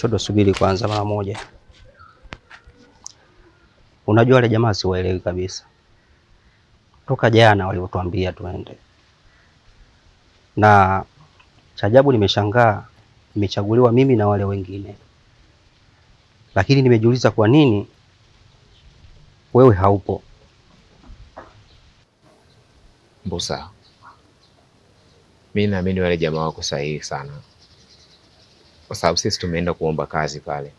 Chodo, subiri kwanza mara moja. Unajua wale jamaa siwaelewi kabisa, toka jana waliotuambia tuende, na cha ajabu nimeshangaa, nimechaguliwa mimi na wale wengine, lakini nimejiuliza kwa nini wewe haupo. Mbusa, mi naamini wale jamaa wako sahihi sana kwa sababu sisi tumeenda kuomba kazi pale,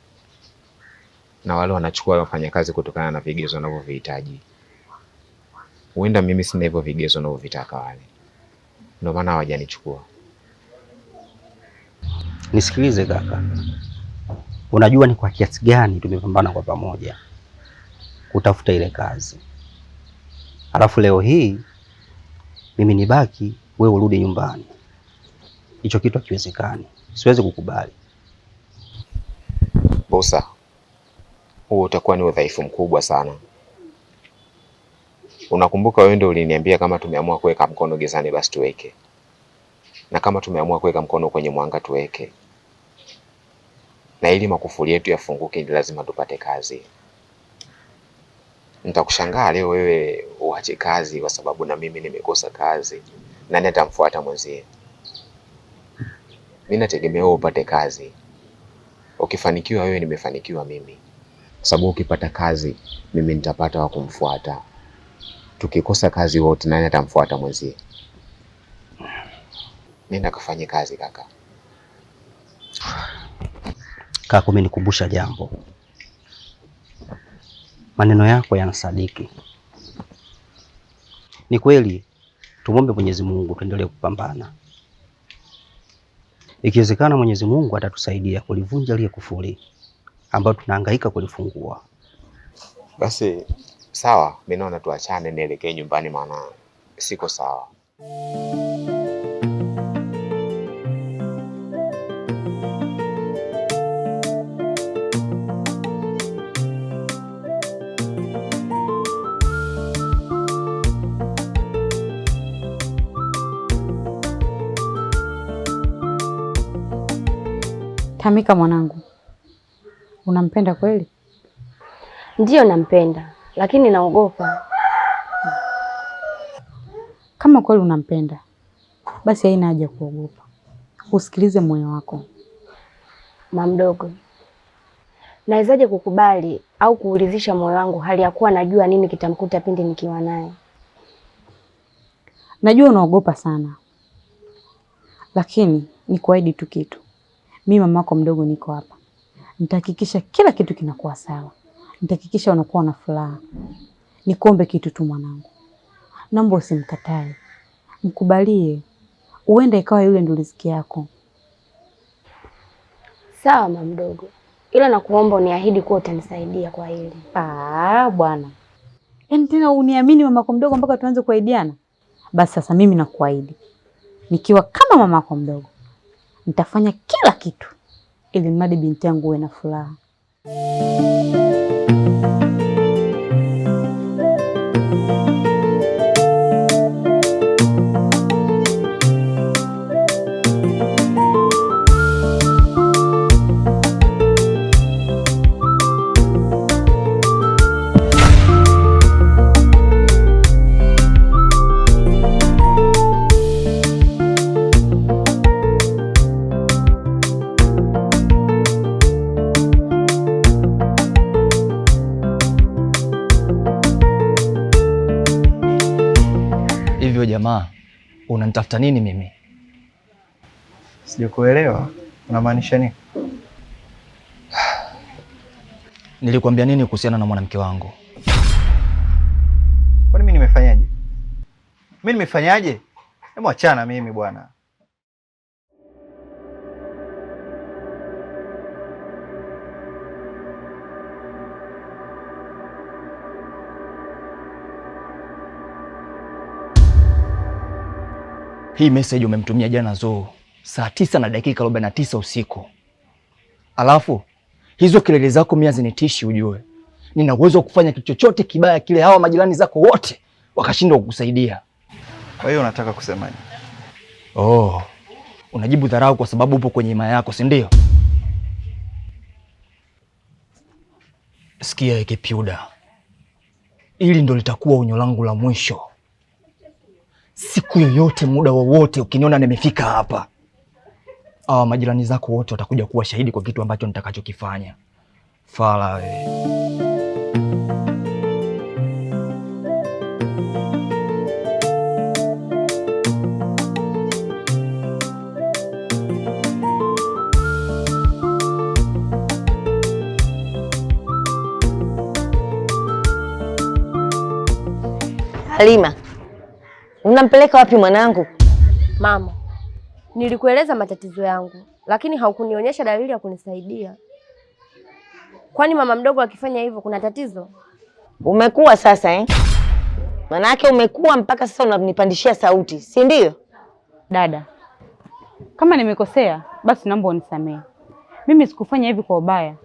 na wale wanachukua wafanyakazi kutokana na vigezo wanavyovihitaji. Huenda mimi sina hivyo vigezo wanavyovitaka wale, ndio maana hawajanichukua. Nisikilize kaka, unajua ni kwa kiasi gani tumepambana kwa pamoja kutafuta ile kazi, halafu leo hii mimi nibaki, wewe urudi nyumbani. Hicho kitu hakiwezekani, siwezi kukubali makosa, huo utakuwa ni udhaifu mkubwa sana. Unakumbuka wewe ndio uliniambia kama tumeamua kuweka mkono gizani basi tuweke, na kama tumeamua kuweka mkono kwenye mwanga tuweke, na ili makufuri yetu yafunguke ni lazima tupate kazi. Nitakushangaa leo wewe uache kazi kwa sababu na mimi nimekosa kazi. Nani atamfuata mwenzie? Mimi nategemea wewe upate kazi Ukifanikiwa wewe, nimefanikiwa mimi, kwa sababu ukipata kazi mimi nitapata wa kumfuata. Tukikosa kazi wote, nani atamfuata mwenzie? Nenda kafanye kazi kaka. Kaka, umenikumbusha jambo. Maneno yako yanasadiki. Ni kweli, tumwombe Mwenyezi Mungu tuendelee kupambana Ikiwezekana Mwenyezi Mungu atatusaidia kulivunja lile kufuli ambalo tunahangaika kulifungua. Basi sawa, mimi naona tuachane, nielekee nyumbani, maana siko sawa. Tamika mwanangu, unampenda kweli? Ndiyo nampenda, lakini naogopa. Kama kweli unampenda, basi haina haja kuogopa, usikilize moyo wako. Mamdogo, nawezaje kukubali au kuulizisha moyo wangu hali ya kuwa najua nini kitamkuta pindi nikiwa naye? Najua unaogopa sana, lakini nikuahidi tu kitu mi mamako mdogo niko hapa, nitahakikisha kila kitu kinakuwa sawa, nitahakikisha unakuwa na furaha. Nikuombe kitu tu mwanangu, naomba usimkatae, mkubalie, huenda ikawa yule ndio riziki yako. Sawa mama mdogo, ila nakuomba uniahidi kuwa utanisaidia kwa hili. Ah bwana, yaani tena uniamini mamako mdogo mpaka tuanze kuahidiana? Basi sasa mimi nakuahidi nikiwa kama mamako mdogo Nitafanya kila kitu ili mradi binti yangu uwe na furaha. Anitafuta nini mimi? Sijakuelewa, unamaanisha nini? Nilikwambia nini kuhusiana na mwanamke wangu? Kwani mimi nimefanyaje? Mimi nimefanyaje? Hebu achana mimi bwana. Hii message umemtumia jana zoo saa tisa na dakika arobaini na tisa usiku, alafu hizo kelele zako mia zinitishi. Ujue nina uwezo wa kufanya kitu chochote kibaya kile hawa majirani zako wote wakashindwa kukusaidia. Kwa hiyo unataka kusema Oh, unajibu dharau kwa sababu upo kwenye imaya yako, si ndio? Sikia Ekipyuda, ili ndo litakuwa unyolangu langu la mwisho siku yoyote, muda wowote, ukiniona nimefika hapa, hawa majirani zako wote watakuja kuwa shahidi kwa kitu ambacho nitakachokifanya. Fala we. Halima, Mnampeleka wapi mwanangu? Mama, nilikueleza matatizo yangu, lakini haukunionyesha dalili ya kunisaidia. Kwani mama mdogo akifanya hivyo kuna tatizo? Umekuwa sasa eh? Manake umekuwa mpaka sasa unanipandishia sauti, si ndio? Dada, kama nimekosea basi naomba unisamehe. Mimi sikufanya hivi kwa ubaya,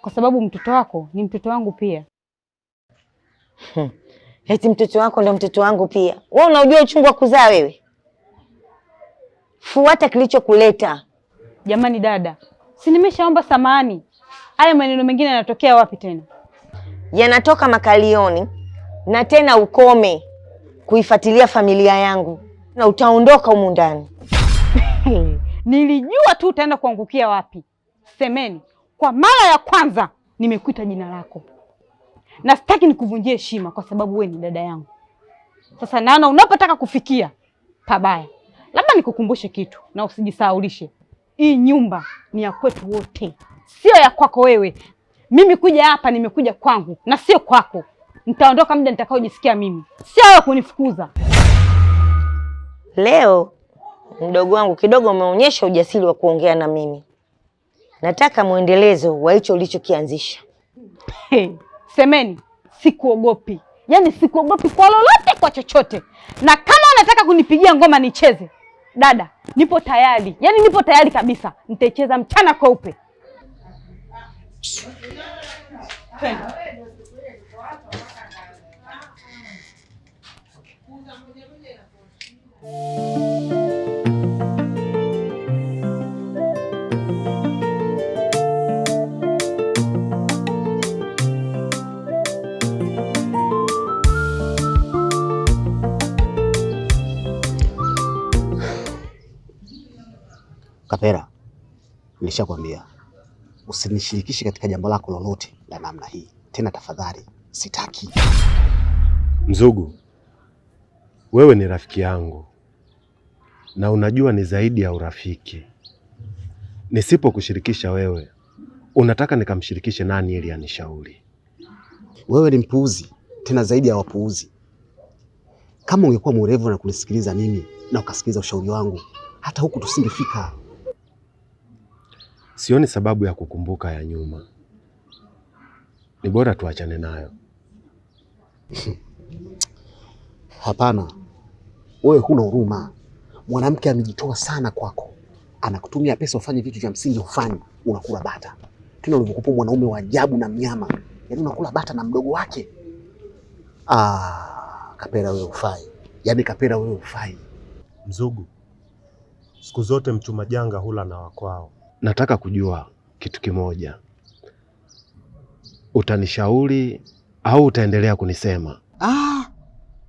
kwa sababu mtoto wako ni mtoto wangu pia. Hmm. Eti mtoto wako ndo mtoto wangu pia. Wewe unaujua uchungu wa kuzaa wewe? Fuata kilichokuleta. Jamani dada, si nimeshaomba samani. Haya maneno mengine yanatokea wapi tena? Yanatoka makalioni, na tena ukome kuifuatilia familia yangu na utaondoka humu ndani. Nilijua tu utaenda kuangukia wapi. Semeni, kwa mara ya kwanza nimekuita jina lako na sitaki nikuvunjie heshima kwa sababu we ni dada yangu. Sasa naona unapotaka kufikia pabaya. Labda nikukumbushe kitu na usijisahaulishe, hii nyumba ni ya kwetu wote, sio ya kwako wewe. Mimi kuja hapa nimekuja kwangu na sio kwako. Nitaondoka muda nitakaojisikia mimi, sio wewe kunifukuza. Leo mdogo wangu kidogo umeonyesha ujasiri wa kuongea na mimi. Nataka mwendelezo wa hicho ulichokianzisha. Hey. Semeni sikuogopi, yaani sikuogopi kwa lolote, kwa chochote. Na kama unataka kunipigia ngoma nicheze, dada, nipo tayari, yaani nipo tayari kabisa, nitaicheza mchana kweupe. kwambia usinishirikishe katika jambo lako lolote la namna hii tena, tafadhali, sitaki. Mzugu, wewe ni rafiki yangu na unajua ni zaidi ya urafiki. Nisipokushirikisha wewe, unataka nikamshirikishe nani ili anishauri? Wewe ni mpuuzi, tena zaidi ya wapuuzi. Kama ungekuwa mwerevu na kunisikiliza mimi na ukasikiliza ushauri wangu, hata huku tusingefika. Sioni sababu ya kukumbuka ya nyuma, ni bora tuachane nayo. Hapana, wewe huna huruma. Mwanamke amejitoa sana kwako, anakutumia pesa ufanye vitu vya msingi, ufanye unakula bata tena, ulivyokupa mwanaume wa ajabu na mnyama, yaani unakula bata na mdogo wake. Ah, Kapera wewe ufai, yaani Kapera wewe ufai. Mzugu, siku zote mchuma janga hula na wakwao nataka kujua kitu kimoja, utanishauri au utaendelea kunisema? Ah,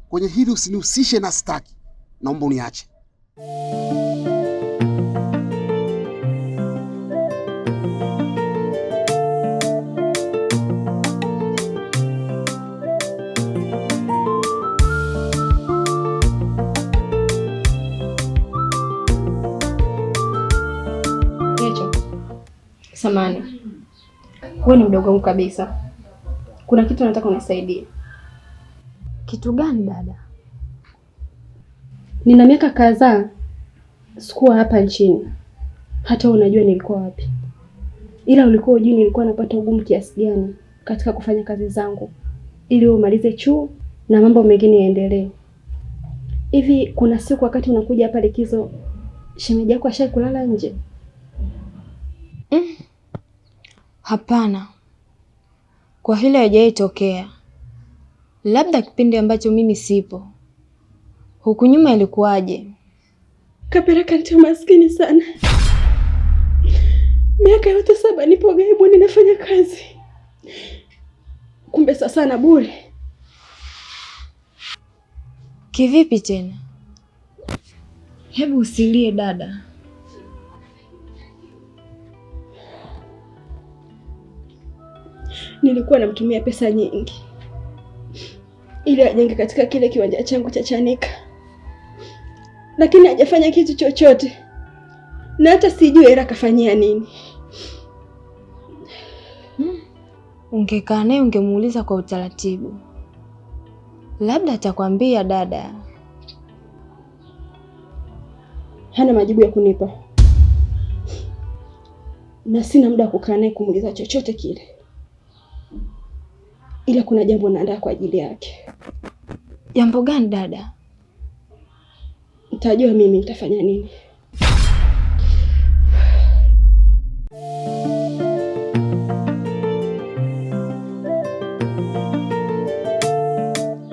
kwenye hili usinihusishe na sitaki, naomba uniache. Samani, wewe ni mdogo wangu kabisa. Kuna kitu nataka unisaidie. Kitu gani dada? Nina miaka kadhaa sikuwa hapa nchini, hata wewe unajua nilikuwa wapi, ila ulikuwa ujui nilikuwa napata ugumu kiasi gani katika kufanya kazi zangu ili umalize chuo na mambo mengine yaendelee. Hivi kuna siku wakati unakuja hapa likizo, shemeji yako ashai kulala nje? mm. Hapana, kwa hilo haijawahi tokea, labda kipindi ambacho mimi sipo. Huku nyuma ilikuwaje? kapereka ndio maskini sana, miaka yote saba nipo gaibu, ninafanya kazi, kumbe sasa na bure. Kivipi tena? Hebu usilie dada. nilikuwa namtumia pesa nyingi ili ajenge katika kile kiwanja changu cha Chanika, lakini hajafanya kitu chochote, na hata sijui era kafanyia nini. Hmm. Ungekaa naye ungemuuliza kwa utaratibu, labda atakwambia. Dada hana majibu ya kunipa na sina muda wa kukaa naye kumuuliza chochote kile ila kuna jambo naandaa kwa ajili yake. Jambo gani dada? ntajua mimi nitafanya nini.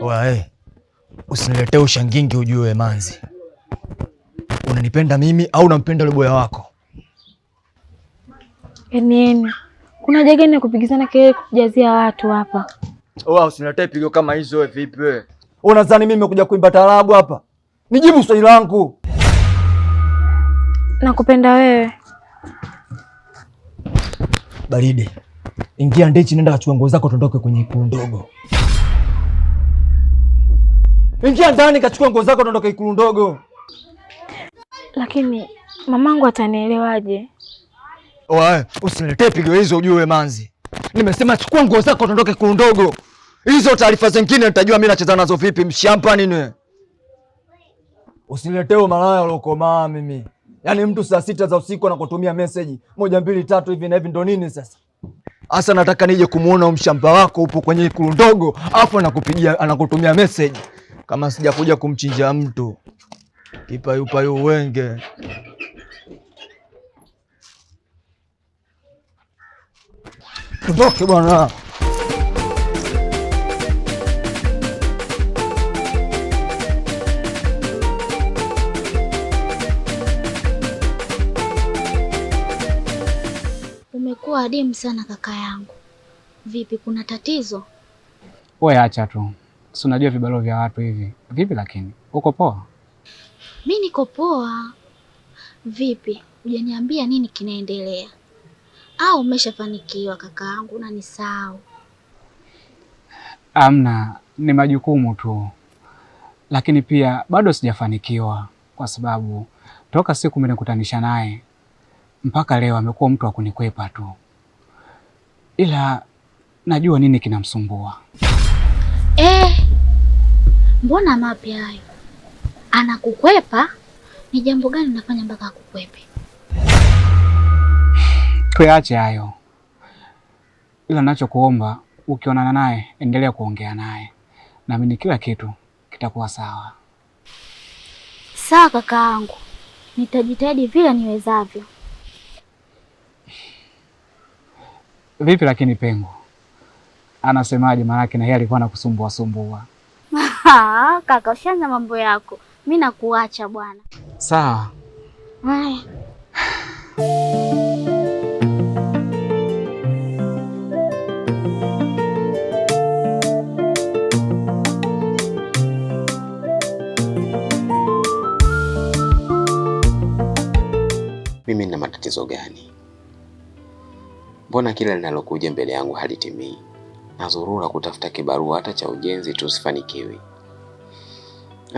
Wae, usiniletee ushangingi ujue manzi. Unanipenda mimi au unampenda yule boya wako? Yaani kuna haja gani ya kupigizana kelele kujazia watu hapa? Oh, wewe usinilete pigo kama hizo vipi wewe? Unadhani oh, mimi nimekuja kuimba taarabu hapa? Nijibu swali langu. Nakupenda wewe. Baridi. Ingia ndechi nenda kachukua nguo zako tuondoke kwenye ikulu ndogo. Ingia ndani kachukua nguo zako tuondoke ikulu ndogo. Lakini mamangu atanielewaje? Wewe usiniletee pigo hizo ujue manzi. Nimesema chukua nguo zako tuondoke ikulu ndogo. Hizo taarifa zingine nitajua mi nacheza nazo vipi, mshamba nini? Usiletee malaya uliokomaa mimi. Yaani mtu saa sita za usiku anakutumia meseji moja mbili tatu hivi na hivi ndo nini sasa? hasa nataka nije kumuona mshamba wako upo kwenye ikulu ndogo, afu anakupigia anakutumia meseji kama sijakuja kumchinja mtu. Kipa yupa yu wenge. Tutoke bwana. adimu sana kaka yangu. Vipi, kuna tatizo? Wewe acha tu, si unajua vibalo vya watu hivi. Vipi lakini, uko poa? Mi niko poa. Vipi, hujaniambia nini kinaendelea? Au ah, umeshafanikiwa kaka yangu na nisahau? Amna, ni majukumu tu, lakini pia bado sijafanikiwa kwa sababu toka siku mimi nakutanisha naye mpaka leo amekuwa mtu wa kunikwepa tu ila najua nini kinamsumbua. Eh, mbona mapya hayo? Anakukwepa? Ni jambo gani unafanya mpaka akukwepe? Tuache hayo, ila nachokuomba ukionana naye endelea kuongea naye, naamini kila kitu kitakuwa sawa. Sawa kakaangu, nitajitahidi vile niwezavyo. Vipi lakini Pengo anasemaje? Maanake na yeye alikuwa anakusumbua sumbua. Kaka, ushaanza mambo yako, mi nakuacha bwana. Sawa. Mimi nina matatizo gani? Mbona kila linalokuja mbele yangu halitimii? Nazurura kutafuta kibarua hata cha ujenzi tu, sifanikiwi.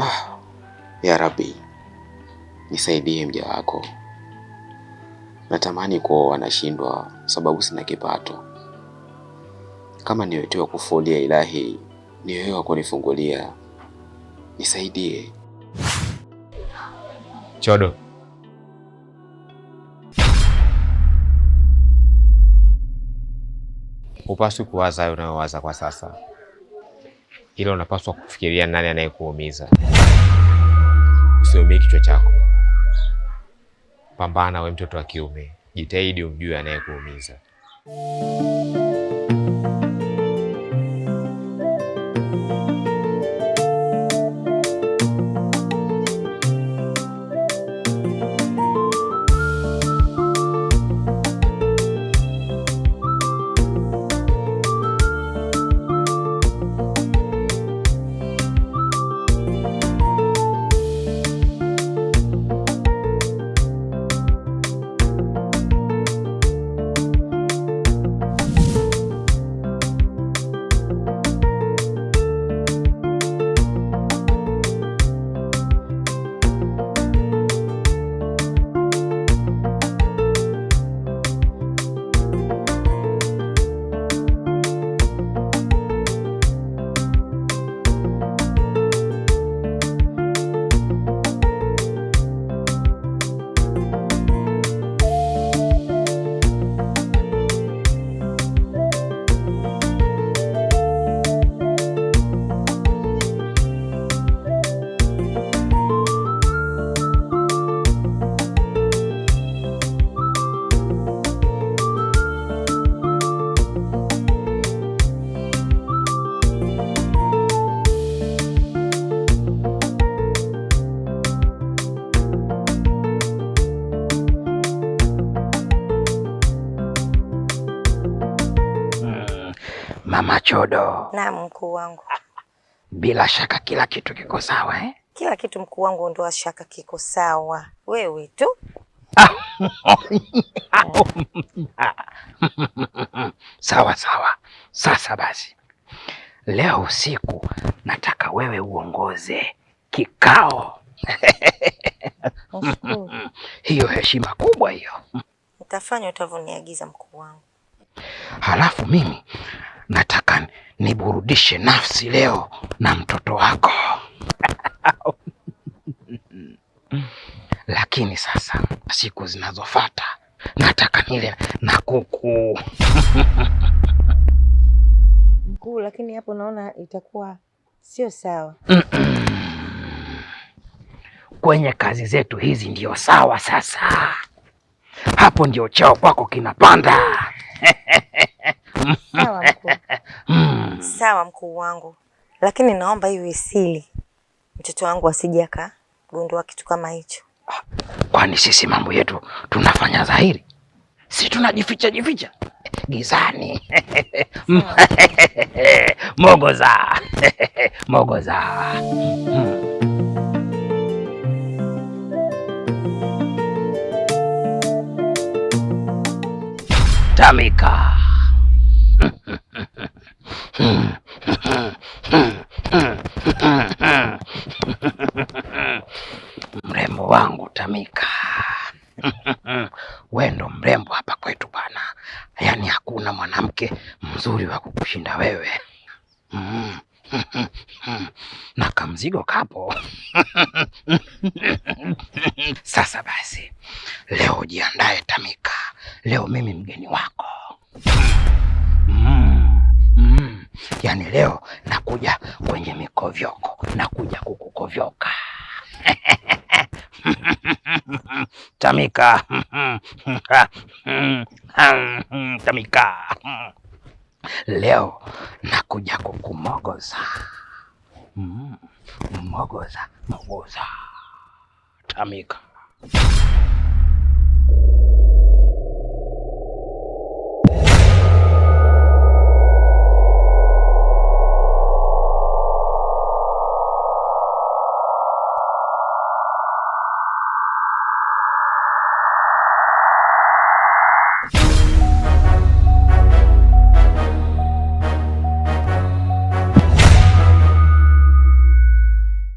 Ah, ya Rabbi, nisaidie mja wako. Natamani kuoa, nashindwa sababu sina kipato. Kama ni wa kufulia, Ilahi, ni wewe wa kunifungulia, nisaidie. Chodo. upaswi kuwaza hayo unayowaza kwa sasa, ila unapaswa kufikiria nani anayekuumiza. Usiumie kichwa chako, pambana. We mtoto wa kiume, jitahidi umjue anayekuumiza. chodo. Naam mkuu wangu. Bila shaka kila kitu kiko sawa eh? Kila kitu mkuu wangu, ondoa shaka, kiko sawa. Wewe tu sawa sawa. Sasa basi, leo usiku nataka wewe uongoze kikao hiyo heshima kubwa hiyo. Nitafanya utavoniagiza mkuu wangu, halafu mimi nataka niburudishe nafsi leo na mtoto wako lakini sasa siku zinazofuata nataka nile na kuku mkuu. Lakini hapo naona itakuwa sio sawa. Kwenye kazi zetu hizi ndio sawa. Sasa hapo ndio chao kwako kinapanda. Sawa mkuu wangu, lakini naomba iwe siri, mtoto wangu asije akagundua kitu kama hicho. Kwani sisi mambo yetu tunafanya dhahiri? Si tunajificha jificha gizani mogoza mogoza hmm. tamika hmm. Mrembo wangu Tamika, we ndo mrembo hapa kwetu bwana. Yaani hakuna mwanamke mzuri wa kukushinda wewe. Mm. na kamzigo kapo Tamika, leo nakuja kukumogoza, mogoza mogoza, Tamika.